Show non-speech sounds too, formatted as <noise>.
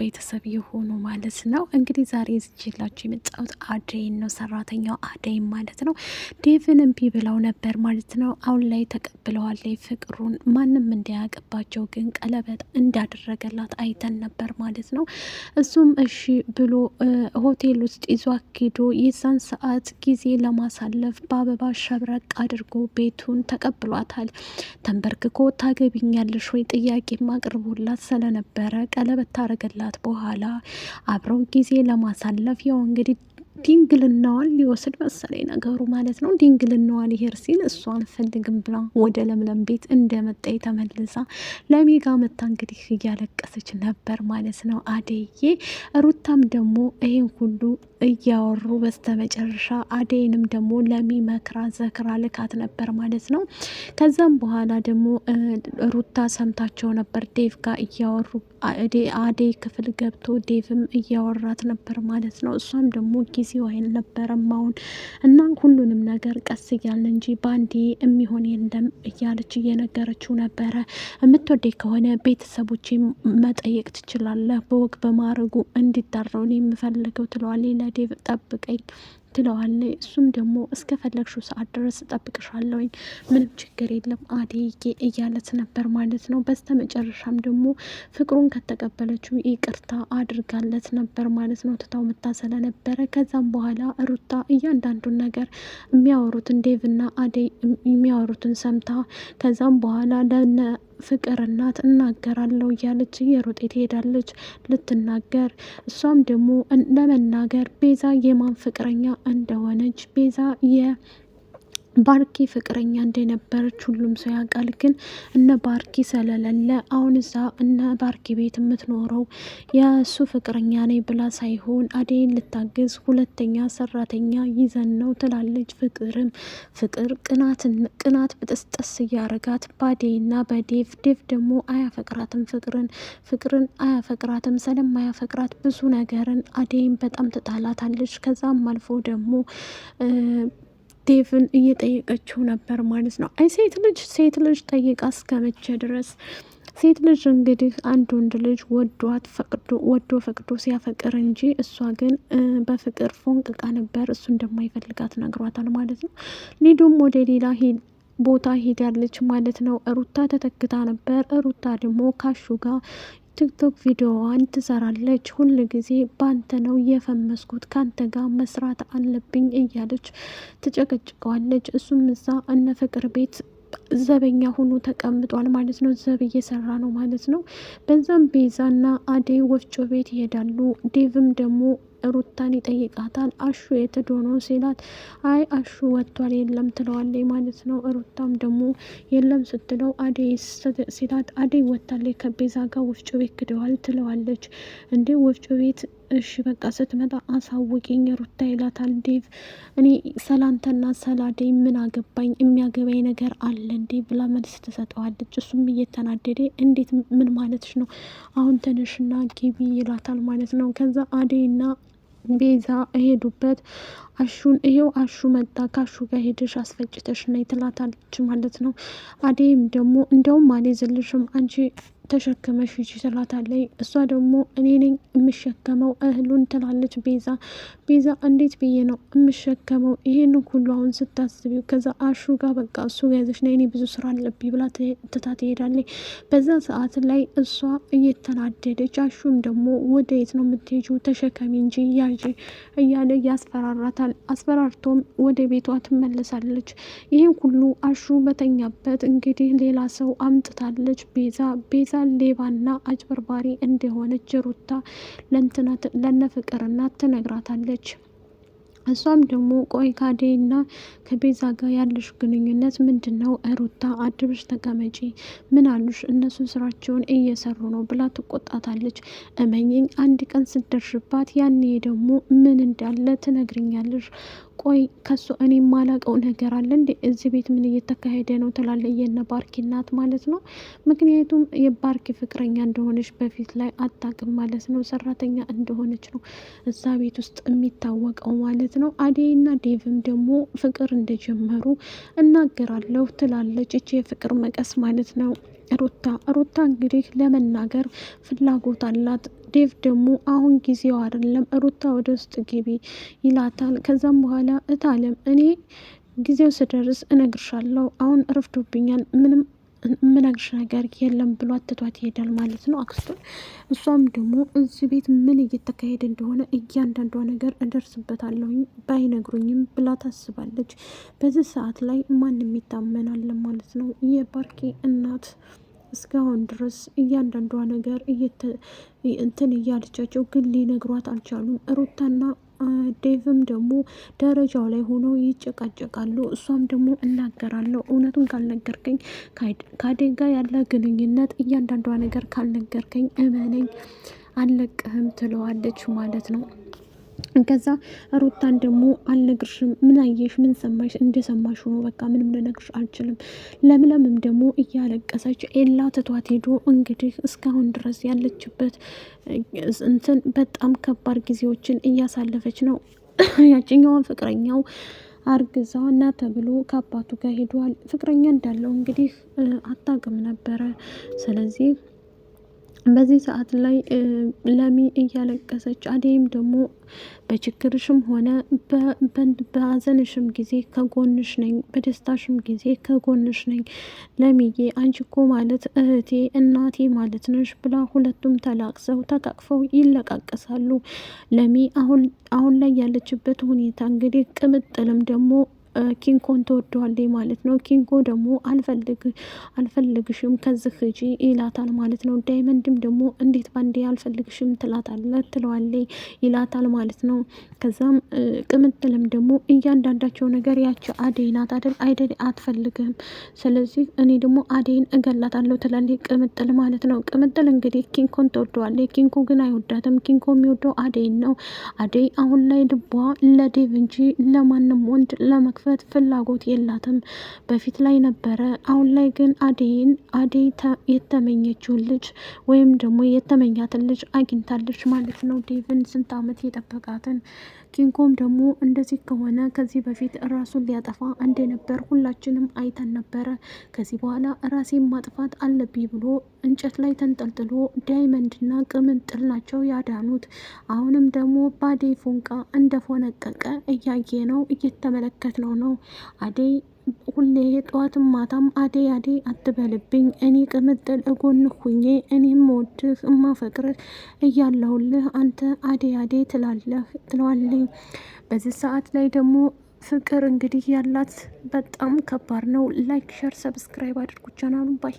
ቤተሰብ የሆኑ ማለት ነው። እንግዲህ ዛሬ ዝችላቸው የመጣሁት አደይን ነው፣ ሰራተኛው አደይን ማለት ነው። ዴቭን እምቢ ብለው ነበር ማለት ነው። አሁን ላይ ተቀብለዋል ፍቅሩን። ማንም እንዳያውቅባቸው ግን ቀለበት እንዳደረገላት አይተን ነበር ማለት ነው። እሱም እሺ ብሎ ሆቴል ውስጥ ይዞ አኪዶ የዛን ሰዓት ጊዜ ለማሳለፍ በአበባ ሸብረቅ አድርጎ ቤቱን ተቀብሏታል። ተንበርክኮ ታገቢኛለሽ ወይ ጥያቄ አቅርቦላት ስለነበረ ቀለበት ታረገላት ከወራት በኋላ አብረው ጊዜ ለማሳለፍ ያው እንግዲህ ድንግልናዋን ሊወስድ መሰለኝ ነገሩ ማለት ነው። ድንግልናዋን ይሄር ሲል እሷ አንፈልግም ብላ ወደ ለምለም ቤት እንደመጣ የተመልሳ ለሜጋ መታ እንግዲህ እያለቀሰች ነበር ማለት ነው አደዬ። ሩታም ደግሞ ይሄን ሁሉ እያወሩ በስተመጨረሻ አደይንም ደግሞ ለሚመክራ ዘክራ ልካት ነበር ማለት ነው። ከዛም በኋላ ደግሞ ሩታ ሰምታቸው ነበር ዴቭ ጋር እያወሩ አደይ ክፍል ገብቶ ዴቭም እያወራት ነበር ማለት ነው። እሷም ደግሞ ጊዜው አልነበረም አሁን እና ሁሉንም ነገር ቀስ እያለ እንጂ በአንዴ የሚሆን የለም እያለች እየነገረችው ነበረ። የምትወደ ከሆነ ቤተሰቦች መጠየቅ ትችላለህ፣ በወግ በማድረጉ እንዲዳረውን የምፈልገው ትለዋል። ዴቭ ጠብቀኝ ትለዋለ። እሱም ደግሞ እስከ ፈለግሽው ሰዓት ድረስ ጠብቅሻለሁኝ ምንም ችግር የለም አዴጌ እያለት ነበር ማለት ነው። በስተ መጨረሻም ደግሞ ፍቅሩን ከተቀበለችው ይቅርታ አድርጋለት ነበር ማለት ነው። ትታው ምታ ስለነበረ ከዛም በኋላ ሩታ እያንዳንዱን ነገር የሚያወሩትን ዴቭና አዴ የሚያወሩትን ሰምታ ከዛም በኋላ ለነ ፍቅር እናት እናገራለሁ እያለች እየሮጤ ትሄዳለች ልትናገር። እሷም ደግሞ ለመናገር ቤዛ የማን ፍቅረኛ እንደሆነች ቤዛ የ ባርኪ ፍቅረኛ እንደነበረች ሁሉም ሰው ያውቃል። ግን እነ ባርኪ ስለሌለ አሁን እዛ እነ ባርኪ ቤት የምትኖረው የእሱ ፍቅረኛ ነኝ ብላ ሳይሆን አደይን ልታግዝ ሁለተኛ ሰራተኛ ይዘን ነው ትላለች። ፍቅርም ፍቅር ቅናት ብጥስጥስ እያረጋት በአደይና በዴቭ ዴቭ ደግሞ አያፈቅራትም ፍቅርን ፍቅርን አያፈቅራትም። ስለማያፈቅራት ብዙ ነገርን አደይን በጣም ትጣላታለች። ከዛም አልፎ ደግሞ ዴቭን እየጠየቀችው ነበር ማለት ነው። አይ ሴት ልጅ ሴት ልጅ ጠይቃ እስከመቼ ድረስ? ሴት ልጅ እንግዲህ አንድ ወንድ ልጅ ወዷት ፈቅዶ ወዶ ፈቅዶ ሲያፈቅር እንጂ እሷ ግን በፍቅር ፎንቅቃ ነበር። እሱ እንደማይፈልጋት ነግሯታል ማለት ነው። ሊዱም ወደ ሌላ ቦታ ሄዳለች ማለት ነው። ሩታ ተተክታ ነበር። ሩታ ደግሞ ካሹ ጋር ቲክቶክ ቪዲዮዋን ትሰራለች። ሁል ጊዜ ባንተ ነው የፈመስኩት ካንተ ጋር መስራት አለብኝ እያለች ትጨቀጭቀዋለች። እሱም እዛ እነ ፍቅር ቤት ዘበኛ ሆኖ ተቀምጧል ማለት ነው። ዘብ እየሰራ ነው ማለት ነው። በዛም ቤዛና አደይ ወፍጮ ቤት ይሄዳሉ። ዴቭም ደግሞ ሩታን ይጠይቃታል። አሹ የት ነው ሲላት፣ አይ አሹ ወጥቷል የለም ትለዋለች ማለት ነው። ሩታም ደግሞ የለም ስትለው አደይ ሲላት፣ አደይ ወጥታለች ከቤዛ ጋር ወፍጮ ቤት ክደዋል ትለዋለች። እንዴ ወፍጮ ቤት እሺ በቃ ስትመጣ አሳውቂኝ ሩታ ይላታል ዴቭ። እኔ ሰላንተና ሰላዴ ምን አገባኝ የሚያገባኝ ነገር አለ እንዴ ብላ መልስ ትሰጠዋለች። እሱም እየተናደደ እንዴት ምን ማለትሽ ነው አሁን ተነሽና ጊቢ ይላታል ማለት ነው። ከዛ አዴና ቤዛ እሄዱበት አሹን ይሄው አሹ መጣ፣ ከአሹ ጋር ሄደሽ አስፈጭተሽ ነይ ትላታለች ማለት ነው። አዴም ደግሞ እንደውም አልይዝልሽም አንቺ ተሸክመሽ ሂጂ ትላታለች። እሷ ደግሞ እኔ ነኝ የምሸከመው እህሉን ትላለች ቤዛ። ቤዛ እንዴት ብዬ ነው የምሸከመው ይሄን ሁሉ አሁን ስታስቢው። ከዛ አሹ ጋር በቃ እሱ ያዘች ና እኔ ብዙ ስራ አለብኝ ብላ ትታ ትሄዳለች። በዛ ሰዓት ላይ እሷ እየተናደደች አሹም ደግሞ ወደ የት ነው የምትሄጂው? ተሸከሚ እንጂ ያዥ እያለ ያስፈራራታል። አስፈራርቶም ወደ ቤቷ ትመለሳለች። ይህን ሁሉ አሹ በተኛበት እንግዲህ ሌላ ሰው አምጥታለች ቤዛ ቤዛ ሌባና አጭበርባሪ እንደሆነች ሩታ ለነ ፍቅርና ትነግራታለች። እሷም ደግሞ ቆይ ካዴና ከቤዛ ጋር ያለሽ ግንኙነት ምንድን ነው? ሩታ አድብሽ ተቀመጪ፣ ምን አሉሽ? እነሱ ስራቸውን እየሰሩ ነው ብላ ትቆጣታለች። እመኝኝ አንድ ቀን ስደርሽባት፣ ያኔ ደግሞ ምን እንዳለ ትነግርኛለሽ። ቆይ ከሱ እኔ የማላቀው ነገር አለ እንዴ? እዚህ ቤት ምን እየተካሄደ ነው ትላለ የነ ባርኪ እናት ማለት ነው። ምክንያቱም የባርኪ ፍቅረኛ እንደሆነች በፊት ላይ አታቅም ማለት ነው። ሰራተኛ እንደሆነች ነው እዛ ቤት ውስጥ የሚታወቀው ማለት ነው። አዴይና ዴቭም ደግሞ ፍቅር እንደጀመሩ እናገራለሁ ትላለች። እቺ የፍቅር መቀስ ማለት ነው። ሩታ ሩታ እንግዲህ ለመናገር ፍላጎት አላት። ዴቭ ደግሞ አሁን ጊዜው አይደለም ሩታ ወደ ውስጥ ግቢ ይላታል። ከዛም በኋላ እታለም እኔ ጊዜው ስደርስ እነግርሻለሁ፣ አሁን ረፍዶብኛል፣ ምንም ምናግሽ ነገር የለም ብሎ አትቷት ይሄዳል ማለት ነው አክስቶ። እሷም ደግሞ እዚህ ቤት ምን እየተካሄደ እንደሆነ እያንዳንዷ ነገር እደርስበታለሁ ባይነግሩኝም ብላ ታስባለች። በዚህ ሰዓት ላይ ማንም ይታመናል ማለት ነው። የባርኪ እናት እስካሁን ድረስ እያንዳንዷ ነገር እንትን እያለቻቸው ግን ሊነግሯት አልቻሉም ሩታና ዴቭም ደግሞ ደረጃው ላይ ሆኖ ይጨቃጨቃሉ። እሷም ደግሞ እናገራለሁ፣ እውነቱን ካልነገርከኝ ከአደጋ ያለ ግንኙነት እያንዳንዷ ነገር ካልነገርከኝ እመነኝ አለቅህም ትለዋለች ማለት ነው። ከዛ ሩታን ደግሞ አልነግርሽም፣ ምን አየሽ፣ ምን ሰማሽ፣ እንደሰማሽ ሆኖ በቃ ምንም ልነግርሽ አልችልም። ለምለምም ደግሞ እያለቀሰች ኤላ ትቷት ሄዶ እንግዲህ እስካሁን ድረስ ያለችበት እንትን በጣም ከባድ ጊዜዎችን እያሳለፈች ነው። <laughs> ያችኛዋን ፍቅረኛው አርግዛ እና ተብሎ ከአባቱ ጋር ሄደዋል። ፍቅረኛ እንዳለው እንግዲህ አታውቅም ነበረ። ስለዚህ በዚህ ሰዓት ላይ ለሚ እያለቀሰች አደይም ደግሞ በችግርሽም ሆነ በሀዘንሽም ጊዜ ከጎንሽ ነኝ፣ በደስታሽም ጊዜ ከጎንሽ ነኝ። ለሚዬ አንቺ እኮ ማለት እህቴ እናቴ ማለት ነሽ ብላ ሁለቱም ተላቅሰው ተቃቅፈው ይለቃቀሳሉ። ለሚ አሁን አሁን ላይ ያለችበት ሁኔታ እንግዲህ ቅምጥልም ደግሞ ኪንኮን ትወደዋለች ማለት ነው። ኪንኮ ደግሞ አልፈልግ አልፈልግሽም ከዚህ ሂጂ ይላታል ማለት ነው። ዳይመንድም ደግሞ እንዴት ባንዴ አልፈልግሽም ትላታለ ትለዋለች ይላታል ማለት ነው። ከዛም ቅምጥልም ደግሞ እያንዳንዳቸው ነገር ያች አደይ ናት አይደል አይደል አትፈልግም። ስለዚህ እኔ ደግሞ አደይን እገላታለሁ ትላለች ቅምጥል ማለት ነው። ቅምጥል እንግዲህ ኪንኮን ትወደዋለች፣ ኪንኮ ግን አይወዳትም። ኪንኮ የሚወደው አደይን ነው። አደይ አሁን ላይ ልቧ ለዴቭ እንጂ ለማንም ወንድ ለመክ የመክፈት ፍላጎት የላትም። በፊት ላይ ነበረ። አሁን ላይ ግን አደይን አደይ የተመኘችውን ልጅ ወይም ደግሞ የተመኛትን ልጅ አግኝታለች ማለት ነው። ዴቭን ስንት አመት የጠበቃትን ኪንኮም ደግሞ እንደዚህ ከሆነ ከዚህ በፊት ራሱን ሊያጠፋ እንደነበር ሁላችንም አይተን ነበረ። ከዚህ በኋላ ራሴን ማጥፋት አለብኝ ብሎ እንጨት ላይ ተንጠልጥሎ ዳይመንድና ቅምጥል ናቸው ያዳኑት። አሁንም ደግሞ በአደይ ፎንቃ እንደፎነቀቀ እያየ ነው እየተመለከት ነው ነው አደይ ሁሌ ጠዋትም ማታም አዴ አዴ አትበልብኝ፣ እኔ ቅምጥል እጎን ሁኜ እኔም ወድህ እማፈቅርህ እያለሁልህ አንተ አዴ አዴ ትላለህ ትለዋለኝ። በዚህ ሰዓት ላይ ደግሞ ፍቅር እንግዲህ ያላት በጣም ከባድ ነው። ላይክ ሸር፣ ሰብስክራይብ አድርጉ ቻናሉን ባይ